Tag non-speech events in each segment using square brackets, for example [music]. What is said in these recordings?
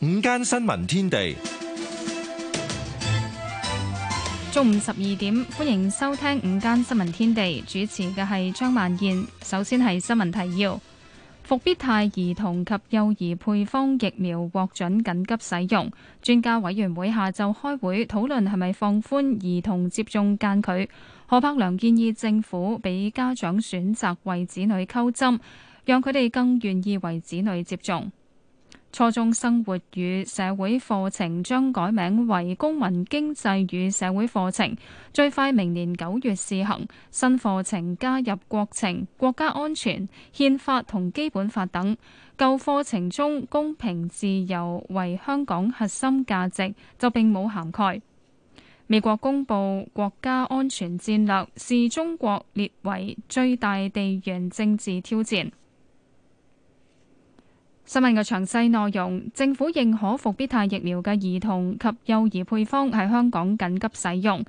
午間新聞天地，中午十二點，歡迎收聽午間新聞天地，主持嘅係張曼燕。首先係新聞提要：復必泰兒童及幼兒配方疫苗獲准緊急使用，專家委員會下晝開會討論係咪放寬兒童接種間距。何柏良建議政府俾家長選擇為子女溝針，讓佢哋更願意為子女接種。初中生活與社會課程將改名為公民經濟與社會課程，最快明年九月試行。新課程加入國情、國家安全、憲法同基本法等，舊課程中公平自由為香港核心價值就並冇涵蓋。美國公布國家安全戰略，視中國列為最大地緣政治挑戰。新聞嘅詳細內容，政府認可復必泰疫苗嘅兒童及幼兒配方喺香港緊急使用。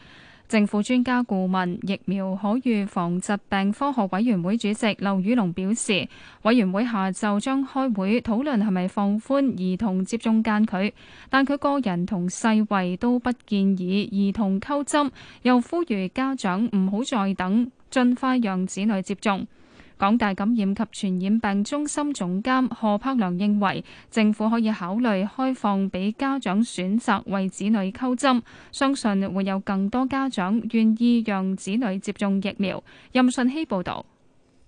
政府專家顧問、疫苗可預防疾病科學委員會主席劉宇龍表示，委員會下晝將開會討論係咪放寬兒童接種間距，但佢個人同世衞都不建議兒童溝針，又呼籲家長唔好再等，盡快讓子女接種。港大感染及傳染病中心總監何柏良認為，政府可以考慮開放俾家長選擇為子女溝針，相信會有更多家長願意讓子女接種疫苗。任信希報導。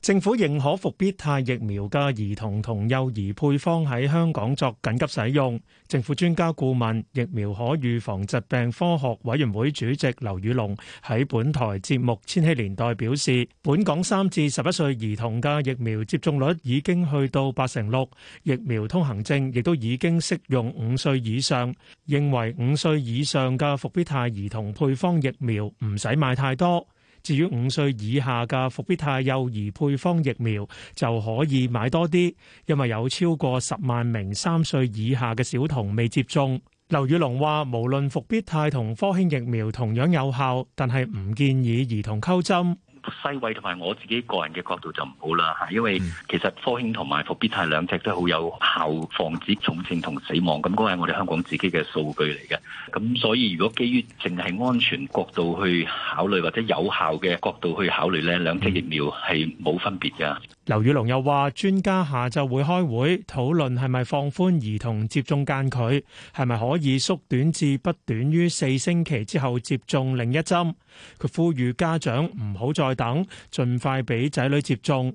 政府認可復必泰疫苗嘅兒童同幼兒配方喺香港作緊急使用。政府專家顧問、疫苗可預防疾病科學委員會主席劉宇龍喺本台節目《千禧年代》表示，本港三至十一歲兒童嘅疫苗接種率已經去到八成六，疫苗通行證亦都已經適用五歲以上。認為五歲以上嘅復必泰兒童配方疫苗唔使買太多。至於五歲以下嘅復必泰幼兒配方疫苗就可以買多啲，因為有超過十萬名三歲以下嘅小童未接種。劉宇龍話：無論復必泰同科興疫苗同樣有效，但係唔建議兒童溝針。西位同埋我自己個人嘅角度就唔好啦嚇，因為其實科興同埋復必泰兩隻都好有效防止重症同死亡，咁嗰係我哋香港自己嘅數據嚟嘅。咁所以如果基於淨係安全角度去考慮，或者有效嘅角度去考慮咧，兩隻疫苗係冇分別㗎。劉宇龍又話，專家下晝會開會討論係咪放寬兒童接種間距，係咪可以縮短至不短於四星期之後接種另一針。佢呼籲家長唔好再等，盡快俾仔女接種。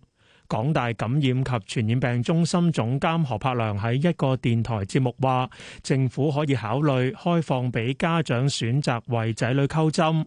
港大感染及傳染病中心總監何柏良喺一個電台節目話，政府可以考慮開放俾家長選擇為仔女溝針。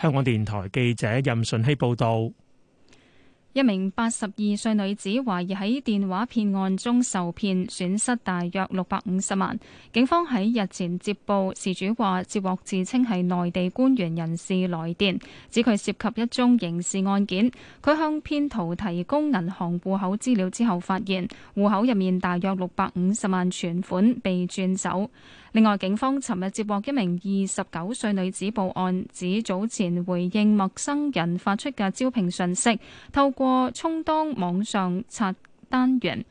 香港電台記者任順希報道，一名八十二歲女子懷疑喺電話騙案中受騙，損失大約六百五十萬。警方喺日前接報，事主話接獲自稱係內地官員人士來電，指佢涉及一宗刑事案件。佢向騙徒提供銀行戶口資料之後，發現戶口入面大約六百五十萬存款被轉走。另外，警方尋日接獲一名二十九歲女子報案，指早前回應陌生人發出嘅招聘信息，透過充當網上刷單員，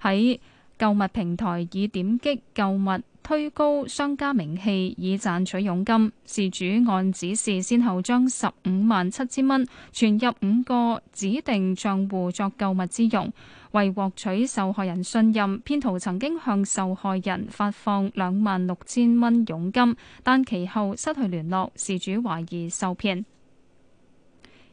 喺購物平台以點擊購物推高商家名氣以賺取佣金。事主按指示，先後將十五萬七千蚊存入五個指定賬戶作購物之用。為獲取受害人信任，騙徒曾經向受害人發放兩萬六千蚊佣金，但其後失去聯絡，事主懷疑受騙。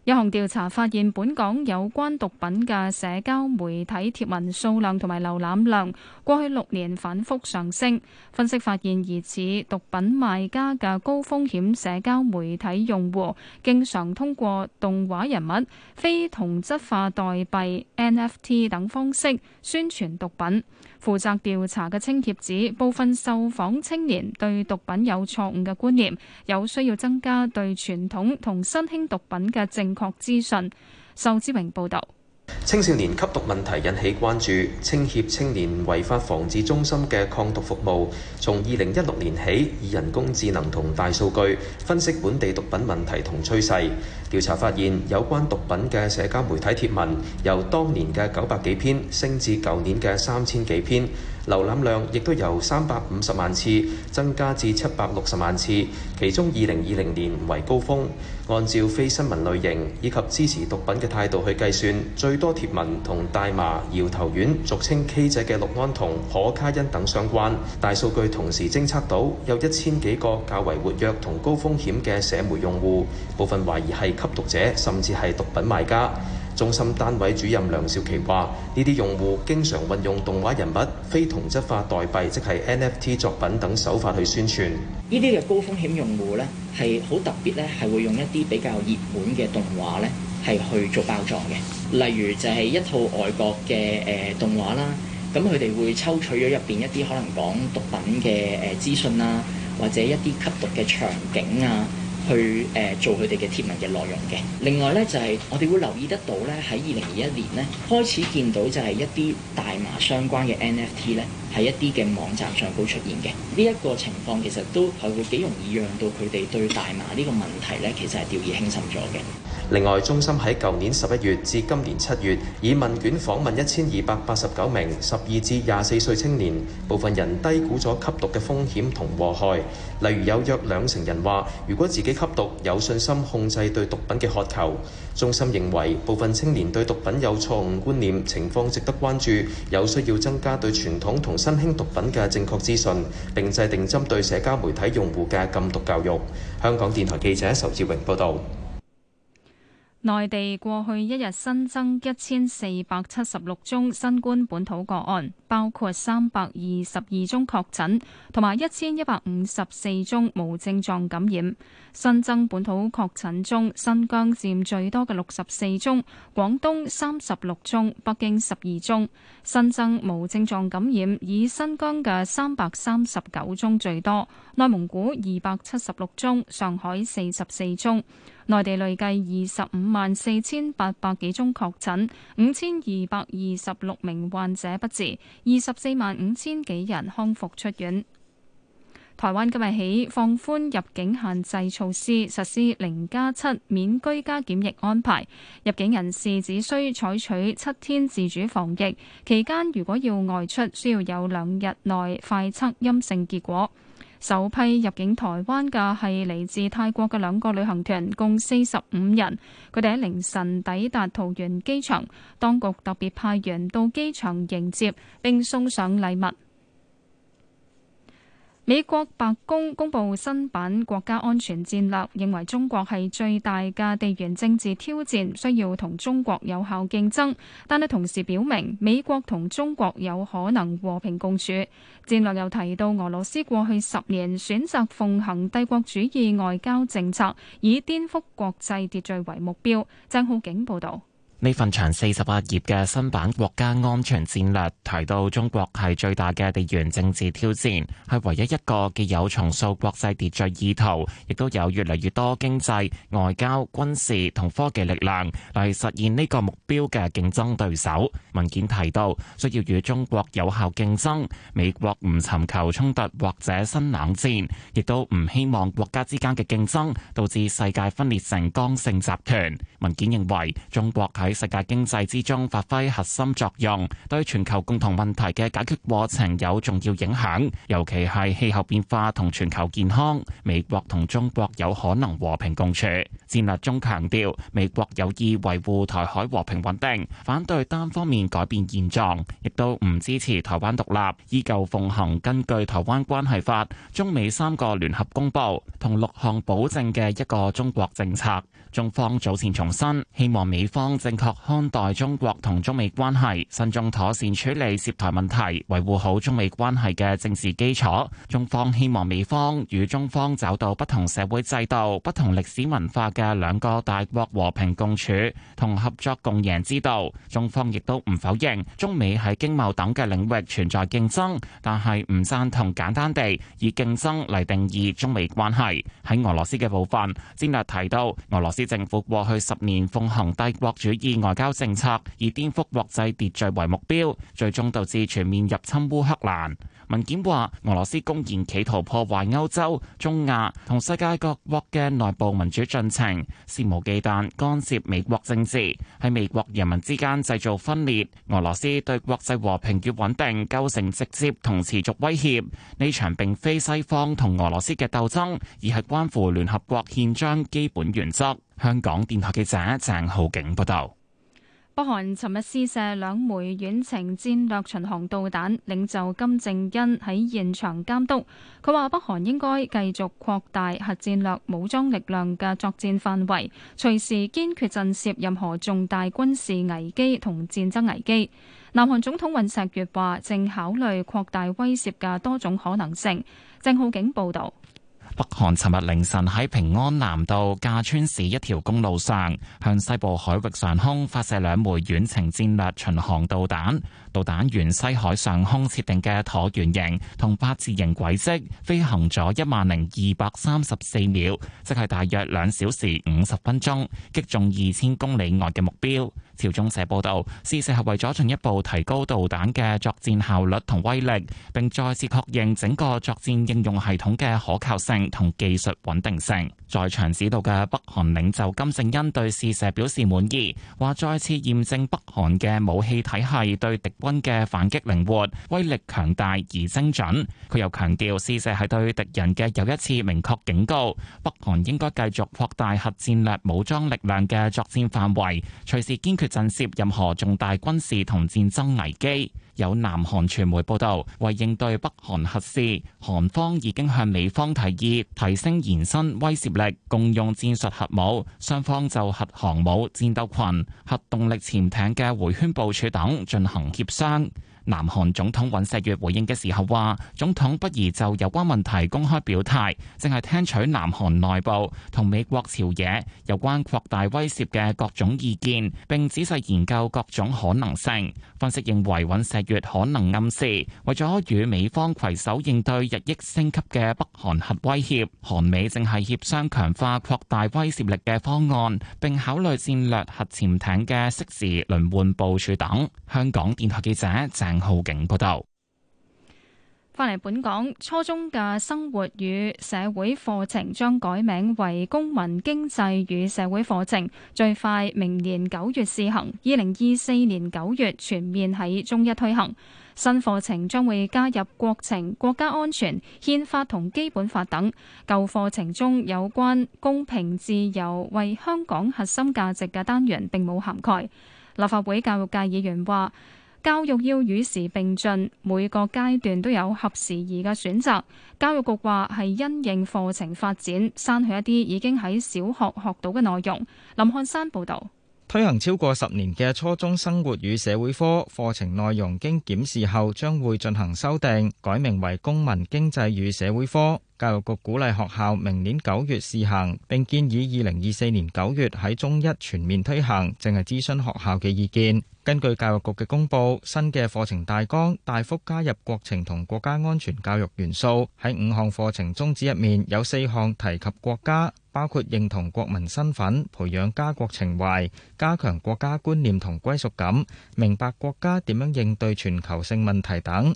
一項調查發現，本港有關毒品嘅社交媒體貼文數量同埋瀏覽量，過去六年反覆上升。分析發現，疑似毒品賣家嘅高風險社交媒體用戶，經常通過動畫人物、非同質化代幣 （NFT） 等方式宣傳毒品。負責調查嘅青協指，部分受訪青年對毒品有錯誤嘅觀念，有需要增加對傳統同新興毒品嘅正確資訊。仇志榮報導。青少年吸毒問題引起關注，青協青年違法防治中心嘅抗毒服務，從二零一六年起以人工智能同大數據分析本地毒品問題同趨勢。調查發現，有關毒品嘅社交媒體貼文，由當年嘅九百幾篇升至舊年嘅三千幾篇。瀏覽量亦都由三百五十萬次增加至七百六十萬次，其中二零二零年為高峰。按照非新聞類型以及支持毒品嘅態度去計算，最多貼文同大麻、搖頭丸、俗稱 K 仔嘅氯胺酮、可卡因等相關。大數據同時偵測到有一千幾個較為活躍同高風險嘅社媒用戶，部分懷疑係吸毒者甚至係毒品賣家。中心單位主任梁少琪話：呢啲用戶經常運用動畫人物、非同質化代幣即係 NFT 作品等手法去宣傳。呢啲嘅高風險用戶咧係好特別咧，係會用一啲比較熱門嘅動畫咧係去做包裝嘅。例如就係一套外國嘅誒動畫啦，咁佢哋會抽取咗入邊一啲可能講毒品嘅誒資訊啦，或者一啲吸毒嘅場景啊。去誒做佢哋嘅貼文嘅內容嘅。另外咧就係我哋會留意得到咧，喺二零二一年咧開始見到就係一啲大麻相關嘅 NFT 咧喺一啲嘅網站上高出現嘅。呢一個情況其實都係會幾容易讓到佢哋對大麻呢個問題咧，其實係掉以輕心咗嘅。另外，中心喺舊年十一月至今年七月，以問卷訪問一千二百八十九名十二至廿四歲青年，部分人低估咗吸毒嘅風險同禍害。例如，有約兩成人話如果自己吸毒，有信心控制對毒品嘅渴求。中心認為部分青年對毒品有錯誤觀念，情況值得關注，有需要增加對傳統同新興毒品嘅正確資訊，並制定針對社交媒體用戶嘅禁毒教育。香港電台記者仇志榮報道。內地過去一日新增一千四百七十六宗新冠本土個案，包括三百二十二宗確診，同埋一千一百五十四宗無症狀感染。新增本土確診中，新疆佔最多嘅六十四宗，廣東三十六宗，北京十二宗。新增無症狀感染，以新疆嘅三百三十九宗最多，內蒙古二百七十六宗，上海四十四宗。內地累計二十五萬四千八百幾宗確診，五千二百二十六名患者不治，二十四萬五千幾人康復出院。台灣今日起放寬入境限制措施，實施零加七免居家檢疫安排。入境人士只需採取七天自主防疫，期間如果要外出，需要有兩日內快測陰性結果。首批入境台灣嘅係嚟自泰國嘅兩個旅行團，共四十五人。佢哋喺凌晨抵達桃園機場，當局特別派員到機場迎接，並送上禮物。美國白宮公布新版國家安全戰略，認為中國係最大嘅地緣政治挑戰，需要同中國有效競爭。但係同時表明，美國同中國有可能和平共處。戰略又提到俄羅斯過去十年選擇奉行帝國主義外交政策，以顛覆國際秩序為目標。鄭浩景報道。呢份長四十八頁嘅新版國家安全戰略提到，中國係最大嘅地緣政治挑戰，係唯一一個既有重塑國際秩序意圖，亦都有越嚟越多經濟、外交、軍事同科技力量嚟實現呢個目標嘅競爭對手。文件提到，需要與中國有效競爭，美國唔尋求衝突或者新冷戰，亦都唔希望國家之間嘅競爭導致世界分裂成剛性集團。文件認為，中國係喺世界經濟之中發揮核心作用，對全球共同問題嘅解決過程有重要影響，尤其係氣候變化同全球健康。美國同中國有可能和平共處。戰略中強調，美國有意維護台海和平穩定，反對單方面改變現狀，亦都唔支持台灣獨立，依舊奉行根據台灣關係法、中美三個聯合公報同六項保證嘅一個中國政策。中方早前重申，希望美方正確看待中國同中美關係，慎重妥善處理涉台問題，維護好中美關係嘅政治基礎，中方希望美方與中方找到不同社會制度、不同歷史文化嘅兩個大國和平共處同合作共贏之道。中方亦都唔否認中美喺經貿等嘅領域存在競爭，但係唔贊同簡單地以競爭嚟定義中美關係，喺俄羅斯嘅部分，戰略提到俄羅斯。政府過去十年奉行帝國主義外交政策，以顛覆國際秩序為目標，最終導致全面入侵烏克蘭。文件話，俄羅斯公然企圖破壞歐洲、中亞同世界各國嘅內部民主進程，肆無忌憚干涉美國政治，喺美國人民之間製造分裂。俄羅斯對國際和平與穩定構成直接同持續威脅。呢場並非西方同俄羅斯嘅鬥爭，而係關乎聯合國憲章基本原則。香港電台記者鄭浩景報道，北韓尋日試射兩枚遠程戰略巡航導彈，領袖金正恩喺現場監督。佢話北韓應該繼續擴大核戰略武裝力量嘅作戰範圍，隨時堅決震懾任何重大軍事危機同戰爭危機。南韓總統尹錫悅話正考慮擴大威脅嘅多種可能性。鄭浩景報道。北韓尋日凌晨喺平安南道駕川市一條公路上，向西部海域上空發射兩枚遠程戰略巡航導彈。導彈沿西海上空設定嘅橢圓形同八字形軌跡飛行咗一萬零二百三十四秒，即係大約兩小時五十分鐘，擊中二千公里外嘅目標。朝中社報道，試射係為咗進一步提高導彈嘅作戰效率同威力，並再次確認整個作戰應用系統嘅可靠性同技術穩定性。在場指導嘅北韓領袖金正恩對試射表示滿意，話再次驗證北韓嘅武器體系對敵軍嘅反擊靈活、威力強大而精準。佢又強調，試射係對敵人嘅又一次明確警告。北韓應該繼續擴大核戰略武裝力量嘅作戰範圍，隨時堅決震懾任何重大軍事同戰爭危機。有南韓傳媒報道，為應對北韓核試，韓方已經向美方提議，提升延伸威懾力，共用戰術核武，雙方就核航母戰鬥群、核動力潛艇嘅回圈部署等進行協商。南韓總統尹錫悦回應嘅時候話：總統不宜就有關問題公開表態，正係聽取南韓內部同美國朝野有關擴大威懾嘅各種意見，並仔細研究各種可能性。分析認為，尹錫悦可能暗示為咗與美方攜手應對日益升級嘅北韓核威脅，韓美正係協商強化擴大威懾力嘅方案，並考慮戰略核潛艇嘅適時輪換部署等。香港電台記者鄭浩景報道，返嚟本港初中嘅生活與社會課程將改名為公民經濟與社會課程，最快明年九月試行，二零二四年九月全面喺中一推行。新課程將會加入國情、國家安全、憲法同基本法等，舊課程中有關公平、自由為香港核心價值嘅單元並冇涵蓋。立法會教育界議員話。教育要與時並進，每個階段都有合時宜嘅選擇。教育局話係因應課程發展，刪去一啲已經喺小學學到嘅內容。林漢山報道，推行超過十年嘅初中生活與社會科課程內容，經檢視後，將會進行修訂，改名為公民經濟與社會科。教育局鼓勵學校明年九月試行，並建議二零二四年九月喺中一全面推行，淨係諮詢學校嘅意見。根據教育局嘅公布，新嘅課程大綱大幅加入國情同國家安全教育元素，喺五項課程宗旨入面有四項提及國家，包括認同國民身份、培養家國情懷、加強國家觀念同歸屬感、明白國家點樣應對全球性問題等。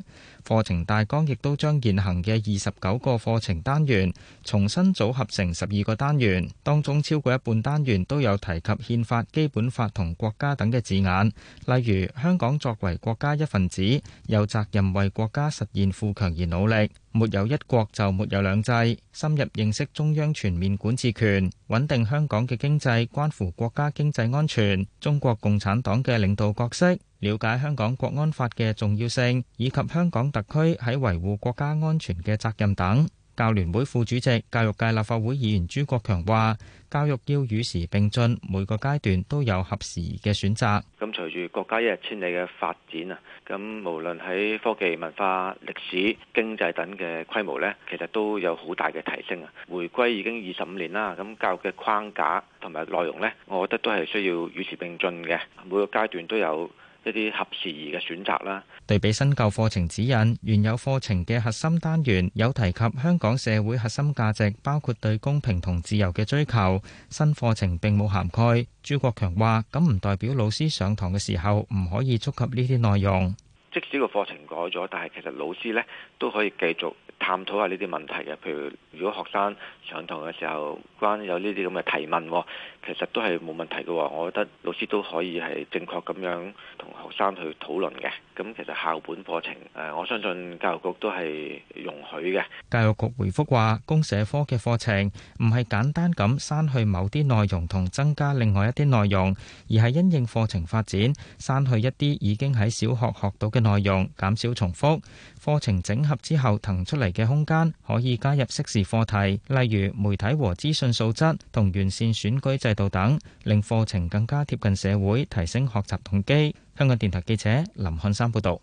課程大綱亦都將現行嘅二十九個課程。單元重新組合成十二個單元，當中超過一半單元都有提及憲法、基本法同國家等嘅字眼，例如香港作為國家一分子，有責任為國家實現富強而努力；沒有一國就沒有兩制，深入認識中央全面管治權，穩定香港嘅經濟，關乎國家經濟安全。中國共產黨嘅領導角色，了解香港國安法嘅重要性，以及香港特區喺維護國家安全嘅責任等。教聯會副主席、教育界立法會議員朱國強話：教育要與時並進，每個階段都有合時嘅選擇。咁隨住國家一日千里嘅發展啊，咁無論喺科技、文化、歷史、經濟等嘅規模呢，其實都有好大嘅提升啊。回歸已經二十五年啦，咁教育嘅框架同埋內容呢，我覺得都係需要與時並進嘅，每個階段都有。一啲合時宜嘅選擇啦。對比新舊課程指引，原有課程嘅核心單元有提及香港社會核心價值，包括對公平同自由嘅追求。新課程並冇涵蓋。朱國強話：咁唔代表老師上堂嘅時候唔可以觸及呢啲內容。即使個課程改咗，但係其實老師呢都可以繼續探討下呢啲問題嘅。譬如如果學生上堂嘅時候關於有呢啲咁嘅提問，哦，其實都係冇問題嘅。我覺得老師都可以係正確咁樣同學生去討論嘅。咁其實校本課程，誒，我相信教育局都係容許嘅。教育局回覆話，公社科嘅課程唔係簡單咁刪去某啲內容同增加另外一啲內容，而係因應課程發展刪去一啲已經喺小學學到嘅內容，減少重複，課程整合之後騰出嚟嘅空間，可以加入適時課題，例如媒體和資訊素質同完善選舉制度等，令課程更加貼近社會，提升學習動機。香港電台記者林漢山報道。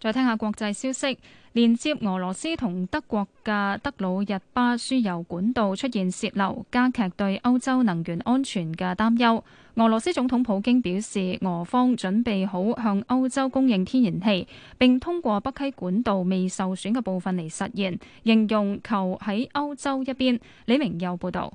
再聽下國際消息，連接俄羅斯同德國嘅德魯日巴輸油管道出現泄漏，加劇對歐洲能源安全嘅擔憂。俄羅斯總統普京表示，俄方準備好向歐洲供應天然氣，並通過北溪管道未受損嘅部分嚟實現。形容求喺歐洲一邊，李明佑報道。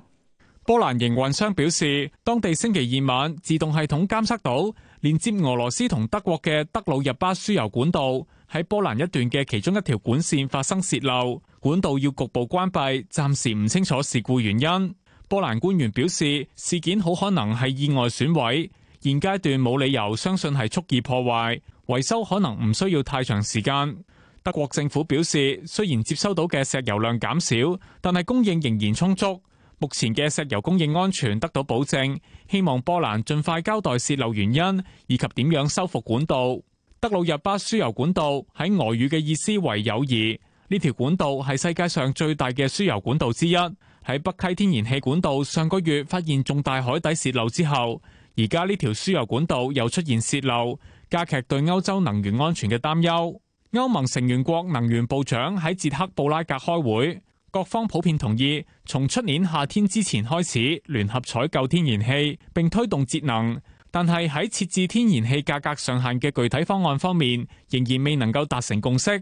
波蘭營運商表示，當地星期二晚自動系統監測到連接俄羅斯同德國嘅德魯日巴輸油管道喺波蘭一段嘅其中一條管綫發生泄漏，管道要局部關閉，暫時唔清楚事故原因。波蘭官員表示，事件好可能係意外損毀，現階段冇理由相信係蓄意破壞，維修可能唔需要太長時間。德國政府表示，雖然接收到嘅石油量減少，但係供應仍然充足。目前嘅石油供應安全得到保證，希望波蘭盡快交代泄漏原因以及點樣修復管道。德魯日巴輸油管道喺俄語嘅意思為友誼，呢條管道係世界上最大嘅輸油管道之一。喺北溪天然氣管道上個月發現重大海底泄漏之後，而家呢條輸油管道又出現泄漏，加劇對歐洲能源安全嘅擔憂。歐盟成員國能源部長喺捷克布拉格開會。各方普遍同意從出年夏天之前開始聯合採購天然氣，並推動節能。但係喺設置天然氣價格上限嘅具體方案方面，仍然未能夠達成共識。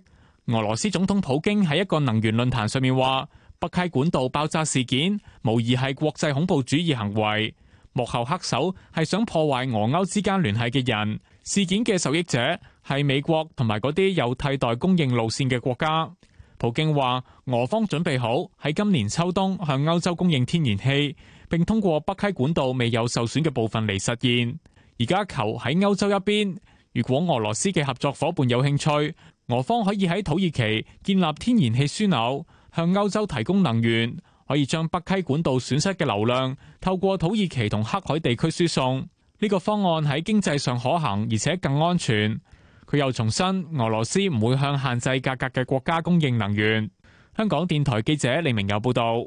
俄羅斯總統普京喺一個能源論壇上面話：北溪管道爆炸事件無疑係國際恐怖主義行為，幕後黑手係想破壞俄歐之間聯繫嘅人。事件嘅受益者係美國同埋嗰啲有替代供應路線嘅國家。普京話：俄方準備好喺今年秋冬向歐洲供應天然氣，並通過北溪管道未有受損嘅部分嚟實現。而家球喺歐洲一邊，如果俄羅斯嘅合作夥伴有興趣，俄方可以喺土耳其建立天然氣樞紐，向歐洲提供能源，可以將北溪管道損失嘅流量透過土耳其同黑海地區輸送。呢、這個方案喺經濟上可行，而且更安全。佢又重申，俄羅斯唔會向限制價格嘅國家供應能源。香港電台記者李明有報道。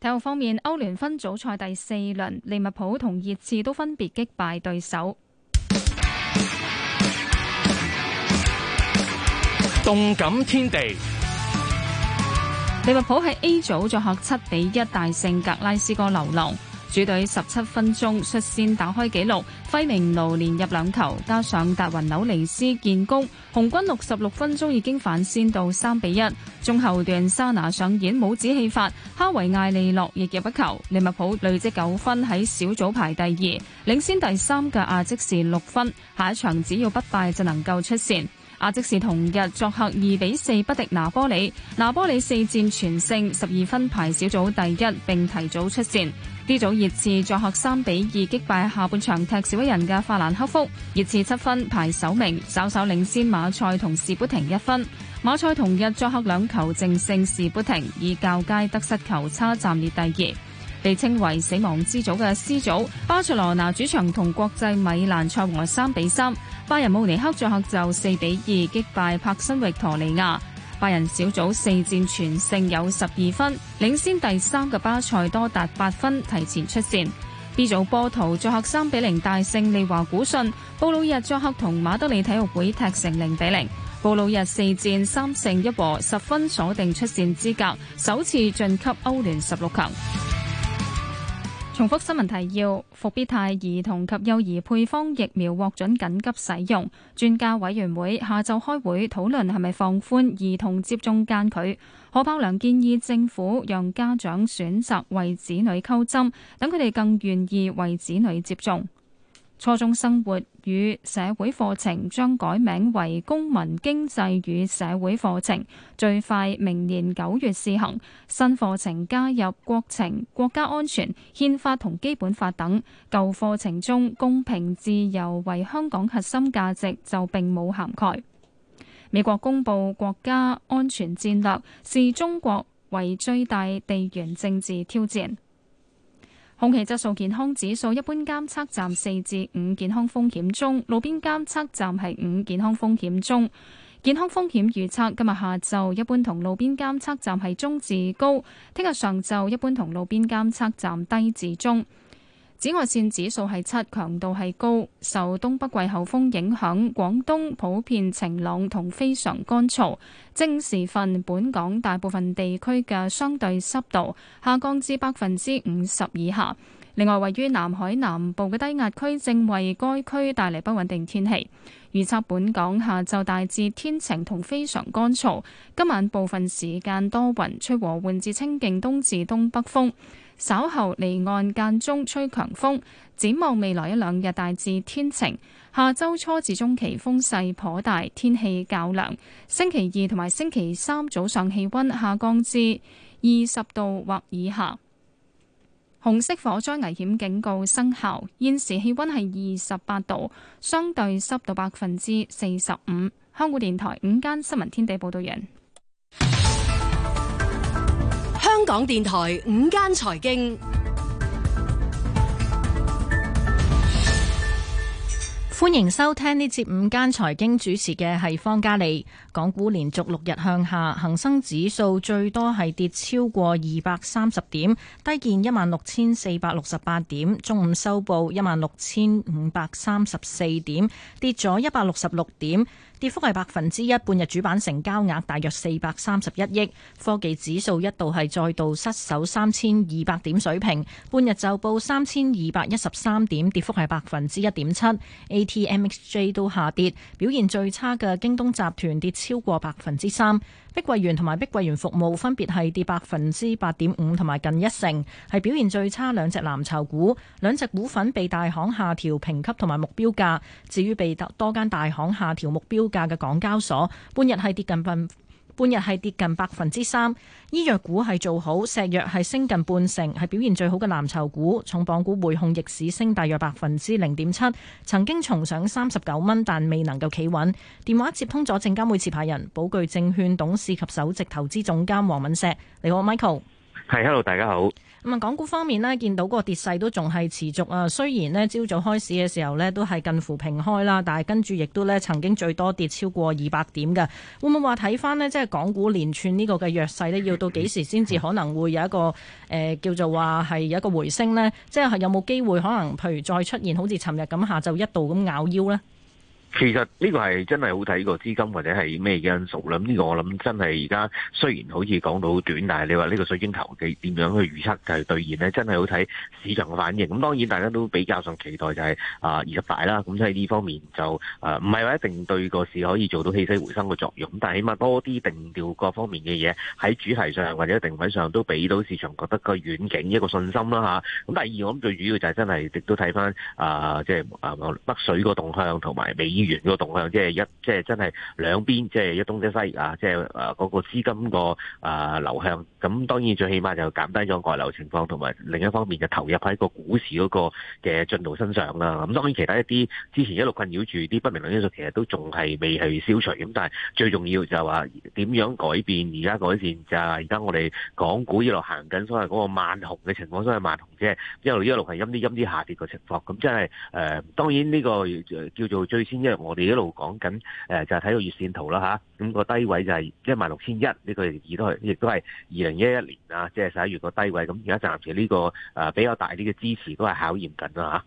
體育方面，歐聯分組賽第四輪，利物浦同熱刺都分別擊敗對手。動感天地，利物浦喺 A 組作客七比一大勝格拉斯哥流浪。主隊十七分鐘率先打開紀錄，輝明奴連入兩球，加上達雲紐尼斯建功，紅軍六十六分鐘已經反先到三比一。中後段沙拿上演帽子戲法，哈維艾利洛亦入一球，利物浦累積九分喺小組排第二，領先第三嘅亞積士六分，下一場只要不敗就能夠出線。阿積士同日作客二比四不敵拿波里，拿波里四戰全勝，十二分排小組第一，並提早出線。D 組熱刺作客三比二擊敗下半場踢少一人嘅法蘭克福，熱刺七分排首名，稍稍領先馬賽同士砵亭一分。馬賽同日作客兩球淨勝士砵亭，以較佳得失球差暫列第二。被稱為死亡之組嘅 C 組，巴塞羅那主場同國際米蘭賽和三比三；拜仁慕尼黑作客就四比二擊敗帕新域陀利亞。拜仁小組四戰全勝，有十二分，領先第三嘅巴塞多達八分，提前出線。B 組波圖作客三比零大勝利華古信，布魯日作客同馬德里體育會踢成零比零。布魯日四戰三勝一和，十分鎖定出線資格，首次晉級歐聯十六強。重複新聞提要：復必泰兒童及幼兒配方疫苗獲准緊急使用。專家委員會下晝開會討論係咪放寬兒童接種間距。何柏良建議政府讓家長選擇為子女溝針，等佢哋更願意為子女接種。初中生活與社會課程將改名為公民經濟與社會課程，最快明年九月試行。新課程加入國情、國家安全、憲法同基本法等，舊課程中公平自由為香港核心價值就並冇涵蓋。美國公布國家安全戰略，視中國為最大地緣政治挑戰。空氣質素健康指數，一般監測站四至五，健康風險中路邊監測站係五，健康風險中。健康風險預測，今日下晝一般同路邊監測站係中至高，聽日上晝一般同路邊監測站低至中。紫外線指數係七，強度係高。受東北季候風影響，廣東普遍晴朗同非常乾燥。正時份本港大部分地區嘅相對濕度下降至百分之五十以下。另外，位於南海南部嘅低壓區正為該區帶嚟不穩定天氣。預測本港下晝大致天晴同非常乾燥，今晚部分時間多雲，吹和緩至清勁東至東北風。稍後離岸間中吹強風，展望未來一兩日大致天晴，下周初至中期風勢頗大，天氣較涼。星期二同埋星期三早上氣温下降至二十度或以下。紅色火災危險警告生效，現時氣温係二十八度，相對濕度百分之四十五。香港電台午間新聞天地報道完。港電台午間財經，歡迎收聽呢節午間財經主持嘅係方嘉利。港股連續六日向下，恒生指數最多係跌超過二百三十點，低見一萬六千四百六十八點，中午收報一萬六千五百三十四點，跌咗一百六十六點。跌幅係百分之一，半日主板成交額大約四百三十一億。科技指數一度係再度失守三千二百點水平，半日就報三千二百一十三點，跌幅係百分之一點七。A T M X J 都下跌，表現最差嘅京東集團跌超過百分之三。碧桂園同埋碧桂園服務分別係跌百分之八點五同埋近一成，係表現最差兩隻藍籌股。兩隻股份被大行下調評級同埋目標價。至於被多間大行下調目標價嘅港交所，半日係跌近半。半日係跌近百分之三，醫藥股係做好，石藥係升近半成，係表現最好嘅藍籌股。重磅股匯控逆市升大約百分之零點七，曾經重上三十九蚊，但未能夠企穩。電話接通咗證監會持牌人寶鉅證券董事及首席投資總監黃敏石，你好，Michael。係，hey, hello，大家好。咁啊，港股方面呢見到個跌勢都仲係持續啊。雖然呢朝早開始嘅時候呢都係近乎平開啦，但係跟住亦都呢曾經最多跌超過二百點㗎。會唔會話睇返呢？即係港股連串呢個嘅弱勢呢，要到幾時先至可能會有一個誒、呃、叫做話係有一個回升呢？即係有冇機會可能譬如再出現好似尋日咁下晝一度咁咬腰呢？其實呢個係真係好睇個資金或者係咩因素啦。呢、呢個我諗真係而家雖然好似講到好短，但係你話呢個水晶球嘅點樣去預測就係、是、兌現呢真係好睇市場嘅反應。咁當然大家都比較上期待就係啊二十大啦。咁喺呢方面就誒唔係話一定對個市可以做到起死回生嘅作用。但係起碼多啲定調各方面嘅嘢喺主題上或者定位上都俾到市場覺得個遠景一個信心啦吓。咁、啊、第二我諗最主要就係真係亦都睇翻、呃就是、啊即係北水個動向同埋美。源個動向，即係一即係真係兩邊，即係一東一西啊！即係誒嗰個資金個誒流向，咁當然最起碼就減低咗外流情況，同埋另一方面就投入喺個股市嗰個嘅進度身上啦。咁當然其他一啲之前一路困擾住啲不明朗因素，其實都仲係未係消除。咁但係最重要就係話點樣改變而家改善，就係而家我哋港股一路行緊所謂嗰個慢熊嘅情況，所謂慢熊即係一路一路係陰啲陰啲下跌嘅情況。咁即係誒，當然呢個叫做最先一。我哋一路講緊誒，就睇、是、個月線圖啦吓，咁個低位就係一萬六千一呢個，亦都係亦都係二零一一年啊，即係十一月個低位。咁而家暫時呢個誒比較大啲嘅支持都係考驗緊啦吓。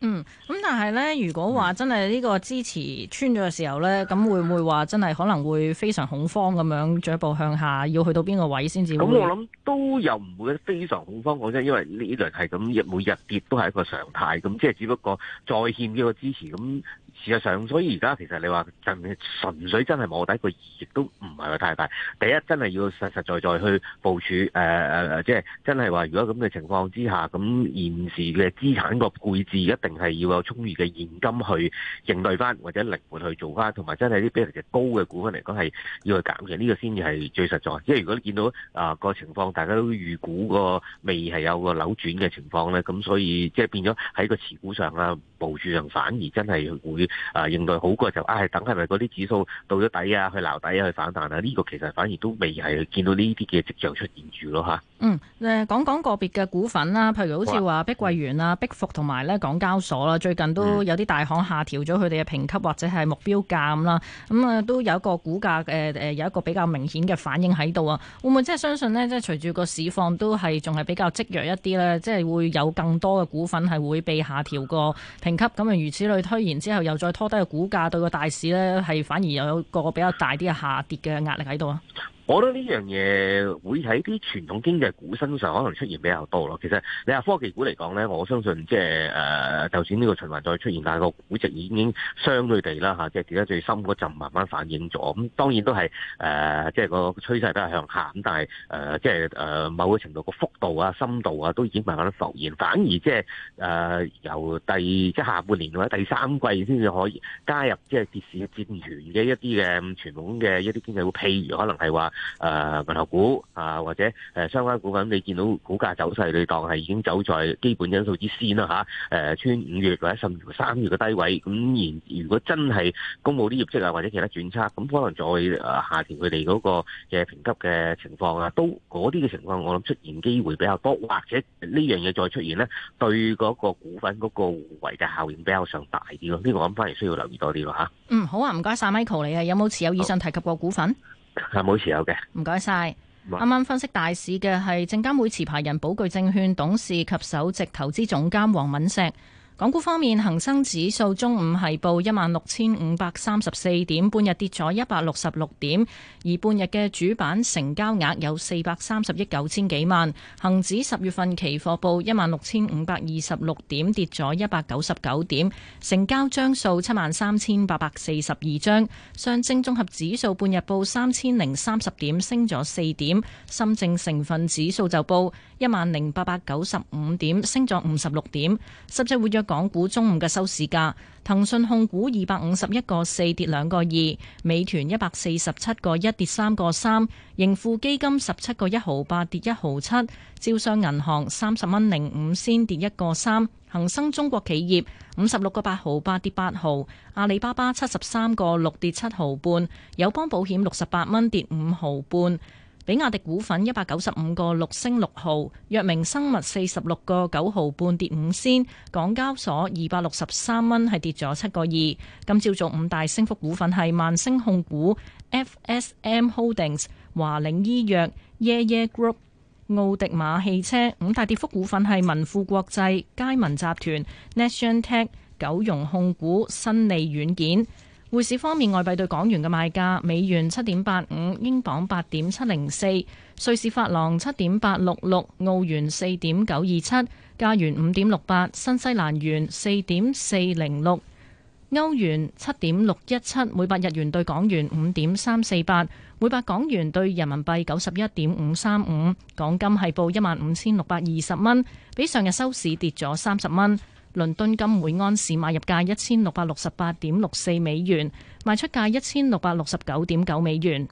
嗯，咁但係咧，如果話真係呢個支持穿咗嘅時候咧，咁、嗯、會唔會話真係可能會非常恐慌咁樣，進一步向下，要去到邊個位先至？咁、嗯嗯、我諗都又唔會非常恐慌，講真，因為呢輪係咁每日跌都係一個常態，咁即係只不過再欠呢個支持咁。嗯事實上，所以而家其實你話純純粹真係摸底個意，亦都唔係話太大。第一，真係要實實在在去部署誒誒、呃、即係真係話，如果咁嘅情況之下，咁現時嘅資產個配置一定係要有充裕嘅現金去應對翻，或者靈活去做翻。同埋真係啲比較嘅高嘅股份嚟講，係要去減嘅。呢、呢個先至係最實在。即係如果你見到啊個、呃、情況，大家都預估個未係有個扭轉嘅情況咧，咁所以即係變咗喺個持股上啊部署上，反而真係會。啊，認為好過就，唉，等係咪嗰啲指數到咗底啊，去撈底啊，去反彈啊？呢個其實反而都未係見到呢啲嘅跡象出現住咯，嚇。嗯，誒，講講個別嘅股份啦，譬如好似話碧桂園啊、碧服同埋咧港交所啦，最近都有啲大行下調咗佢哋嘅評級或者係目標價咁啦，咁啊都有一個股價誒誒有一個比較明顯嘅反應喺度啊，會唔會即係相信呢？即係隨住個市況都係仲係比較積弱一啲咧，即係會有更多嘅股份係會被下調個評級，咁啊，如此類推然，然之後又。再拖低個股價，對個大市咧係反而又有個比較大啲嘅下跌嘅壓力喺度啊！我覺得呢樣嘢會喺啲傳統經濟股身上可能出現比較多咯。其實你話科技股嚟講咧，我相信即係誒，就算呢個循環再出現，但係個估值已經相對地啦嚇，即係跌得最深嗰陣，慢慢反映咗。咁當然都係誒，即係個趨勢都係向下。咁但係誒，即係誒某個程度個幅度啊、深度啊，都已經慢慢浮現。反而即係誒由第即係下半年或者第三季先至可以加入即係跌市嘅戰團嘅一啲嘅傳統嘅一啲經濟股，譬如可能係話。誒、銀行、呃、股啊、呃，或者誒相關股份，你見到股價走勢，你當係已經走在基本因素之先啦吓。誒、啊呃，穿五月或者甚至乎三月嘅低位，咁、嗯、然如果真係公布啲業績啊，或者其他轉差，咁可能再下調佢哋嗰個嘅評級嘅情況啊，都嗰啲嘅情況，我諗出現機會比較多，或者呢樣嘢再出現咧，對嗰個股份嗰個護圍嘅效應比較上大啲咯。呢、啊這個我諗返嚟，需要留意多啲咯吓。啊、嗯，好啊，唔該晒，Michael 你啊，有冇持有以上提及過股份？係冇持有嘅，唔該晒。啱啱分析大市嘅係證監會持牌人寶钜證券董事及首席投資總監黃敏石。港股方面，恒生指數中午係報一萬六千五百三十四點，半日跌咗一百六十六點，而半日嘅主板成交額有四百三十億九千幾萬。恒指十月份期貨報一萬六千五百二十六點，跌咗一百九十九點，成交張數七萬三千八百四十二張。上證綜合指數半日報三千零三十點，升咗四點。深證成分指數就報一萬零八百九十五點，升咗五十六點。十隻活躍港股中午嘅收市價，騰訊控股二百五十一個四跌兩個二，美團一百四十七個一跌三個三，盈富基金十七個一毫八跌一毫七，招商銀行三十蚊零五仙跌一個三，恒生中國企業五十六個八毫八跌八毫，阿里巴巴七十三個六跌七毫半，友邦保險六十八蚊跌五毫半。比亞迪股份一百九十五個六升六毫，藥明生物四十六個九毫半跌五仙，港交所二百六十三蚊係跌咗七個二。今朝早五大升幅股份係萬星控股 （FSM Holdings）、華寧醫藥耶耶 Group）、奧迪馬汽車。五大跌幅股份係民富國際、佳民集團 （Nation Tech）、九融控股、新利軟件。匯市方面，外幣對港元嘅賣價：美元七點八五，英鎊八點七零四，瑞士法郎七點八六六，澳元四點九二七，加元五點六八，新西蘭元四點四零六，歐元七點六一七，每百日元對港元五點三四八，每百港元對人民幣九十一點五三五。港金係報一萬五千六百二十蚊，比上日收市跌咗三十蚊。倫敦金每安士買入價一千六百六十八點六四美元，賣出價一千六百六十九點九美元。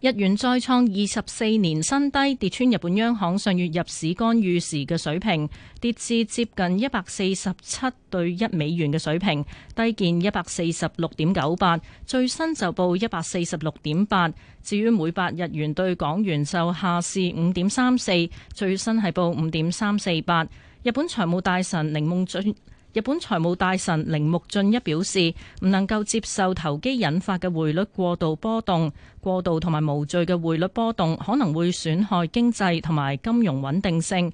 日元再創二十四年新低，跌穿日本央行上月入市干預時嘅水平，跌至接近一百四十七對一美元嘅水平，低見一百四十六點九八，最新就報一百四十六點八。至於每百日元對港元就下市五點三四，最新係報五點三四八。日本財務大臣鈴木俊日本財務大臣鈴木俊一表示，唔能夠接受投機引發嘅匯率過度波動，過度同埋無序嘅匯率波動可能會損害經濟同埋金融穩定性。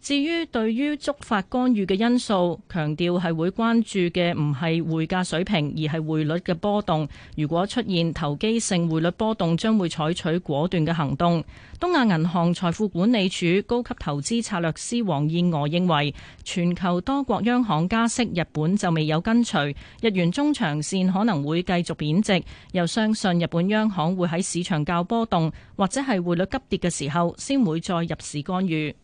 至於對於觸發干預嘅因素，強調係會關注嘅唔係匯價水平，而係匯率嘅波動。如果出現投機性匯率波動，將會採取果斷嘅行動。東亞銀行財富管理處高級投資策略師王燕娥認為，全球多國央行加息，日本就未有跟隨。日元中長線可能會繼續貶值，又相信日本央行會喺市場較波動，或者係匯率急跌嘅時候，先會再入市干預。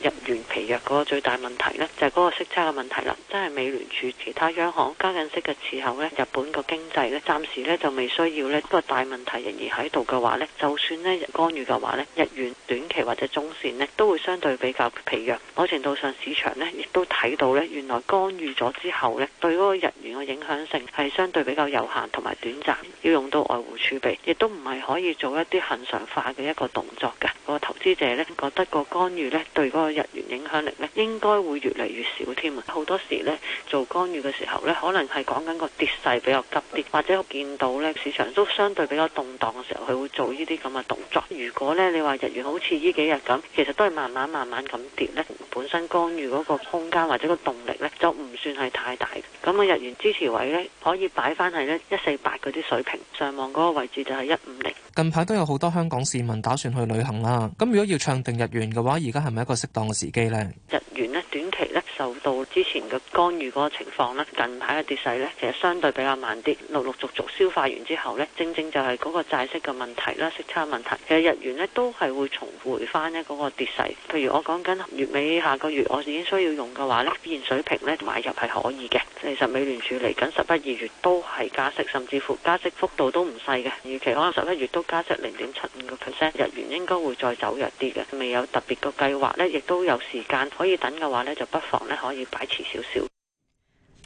日元疲弱嗰個最大問題呢，就係嗰個息差嘅問題啦。即係美聯儲其他央行加緊息嘅時候呢，日本個經濟呢，暫時呢就未需要呢個大問題仍然喺度嘅話呢，就算呢干預嘅話呢，日元短期或者中線呢，都會相對比較疲弱。某程度上市場呢，亦都睇到呢，原來干預咗之後呢，對嗰個日元嘅影響性係相對比較有限同埋短暫，要用到外匯儲備，亦都唔係可以做一啲恆常化嘅一個動作嘅。嗰個投資者呢，覺得個干預呢對嗰個日元影響力咧，應該會越嚟越少添啊！好多時咧，做干預嘅時候咧，可能係講緊個跌勢比較急啲，或者我見到咧，市場都相對比較動盪嘅時候，佢會做呢啲咁嘅動作。如果咧，你話日元好似呢幾日咁，其實都係慢慢慢慢咁跌咧，本身干預嗰個空間或者個動力咧，就唔算係太大咁啊，日元支持位咧，可以擺翻喺咧一四八嗰啲水平，上望嗰個位置就係一五零。近排都有好多香港市民打算去旅行啦。咁如果要唱定日元嘅話，而家係咪一個當時機咧，日元咧，短期咧。受到之前嘅干預嗰個情況咧，近排嘅跌勢咧，其實相對比較慢啲，陸陸續續消化完之後咧，正正就係嗰個債息嘅問題啦、息差問題，其實日元咧都係會重回翻一個跌勢，譬如我講緊月尾下個月，我已經需要用嘅話咧，現水平咧買入係可以嘅。其實美聯儲嚟緊十一二月都係加息，甚至乎加息幅度都唔細嘅。預期可能十一月都加息零點七五個 percent，日元應該會再走弱啲嘅。未有特別嘅計劃咧，亦都有時間可以等嘅話咧，就不妨。可以擺遲少少。 [noise]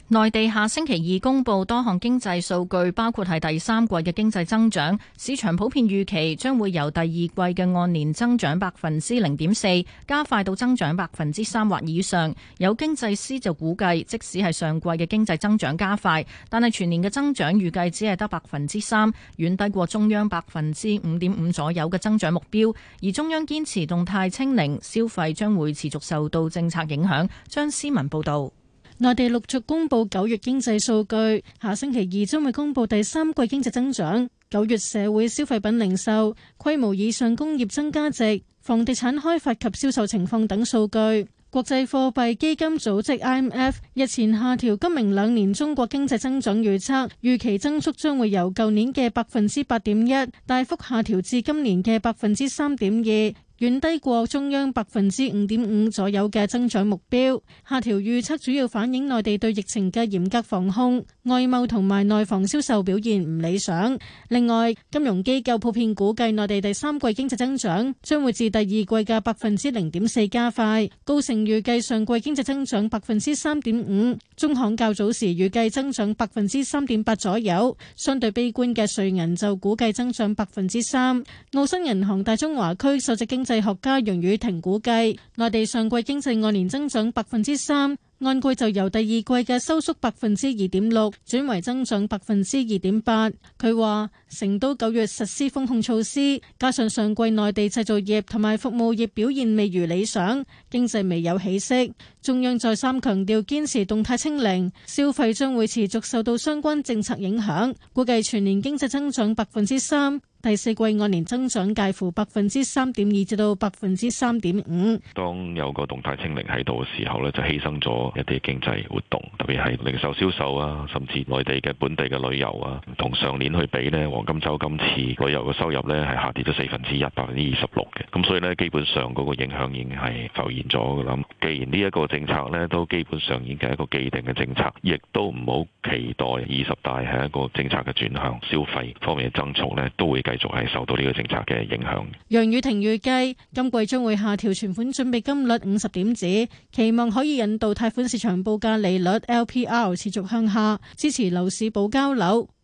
內地下星期二公布多項經濟數據，包括係第三季嘅經濟增長。市場普遍預期將會由第二季嘅按年增長百分之零點四加快到增長百分之三或以上。有經濟師就估計，即使係上季嘅經濟增長加快，但係全年嘅增長預計只係得百分之三，遠低過中央百分之五點五左右嘅增長目標。而中央堅持動態清零，消費將會持續受到政策影響。張思文報導。內地陸續公布九月經濟數據，下星期二將會公布第三季經濟增長、九月社會消費品零售、規模以上工業增加值、房地產開發及銷售情況等數據。國際貨幣基金組織 IMF 日前下調今明兩年中國經濟增長預測，預期增速將會由舊年嘅百分之八點一大幅下調至今年嘅百分之三點二。遠低過中央百分之五點五左右嘅增長目標，下調預測主要反映內地對疫情嘅嚴格防控，外貿同埋內房銷售表現唔理想。另外，金融機構普遍估計內地第三季經濟增長將會自第二季嘅百分之零點四加快。高盛預計上季經濟增長百分之三點五，中行較早時預計增長百分之三點八左右，相對悲觀嘅瑞銀就估計增長百分之三。澳新銀行大中華區首席經經濟學家楊宇婷估計，內地上季經濟按年增長百分之三，按季就由第二季嘅收縮百分之二點六，轉為增長百分之二點八。佢話。成都九月實施封控措施，加上上季內地製造業同埋服務業表現未如理想，經濟未有起色。中央再三強調堅持動態清零，消費將會持續受到相關政策影響。估計全年經濟增長百分之三，第四季按年增長介乎百分之三點二至到百分之三點五。當有個動態清零喺度嘅時候呢，就犧牲咗一啲經濟活動，特別係零售銷售啊，甚至內地嘅本地嘅旅遊啊，同上年去比呢。黃金週今次旅遊嘅收入呢，係下跌咗四分之一，百分之二十六嘅。咁所以呢，基本上嗰個影響已經係浮現咗噶啦。既然呢一個政策呢，都基本上已經係一個既定嘅政策，亦都唔好期待二十大係一個政策嘅轉向。消費方面嘅增速呢都會繼續，係受到呢個政策嘅影響。楊宇霆預計今季將會下調存款準備金率五十點子，期望可以引導貸款市場報價利率 LPR 持續向下，支持樓市保交樓。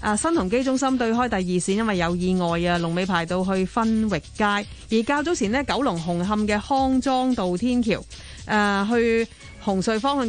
啊！新鴻基中心對開第二線，因為有意外啊，龍尾排到去分域街。而較早前咧，九龍紅磡嘅康莊道天橋，誒、呃，去紅隧方向。